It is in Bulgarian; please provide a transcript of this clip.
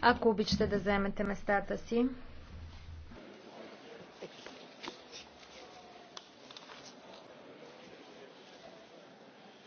Ако обичате да заемете местата си.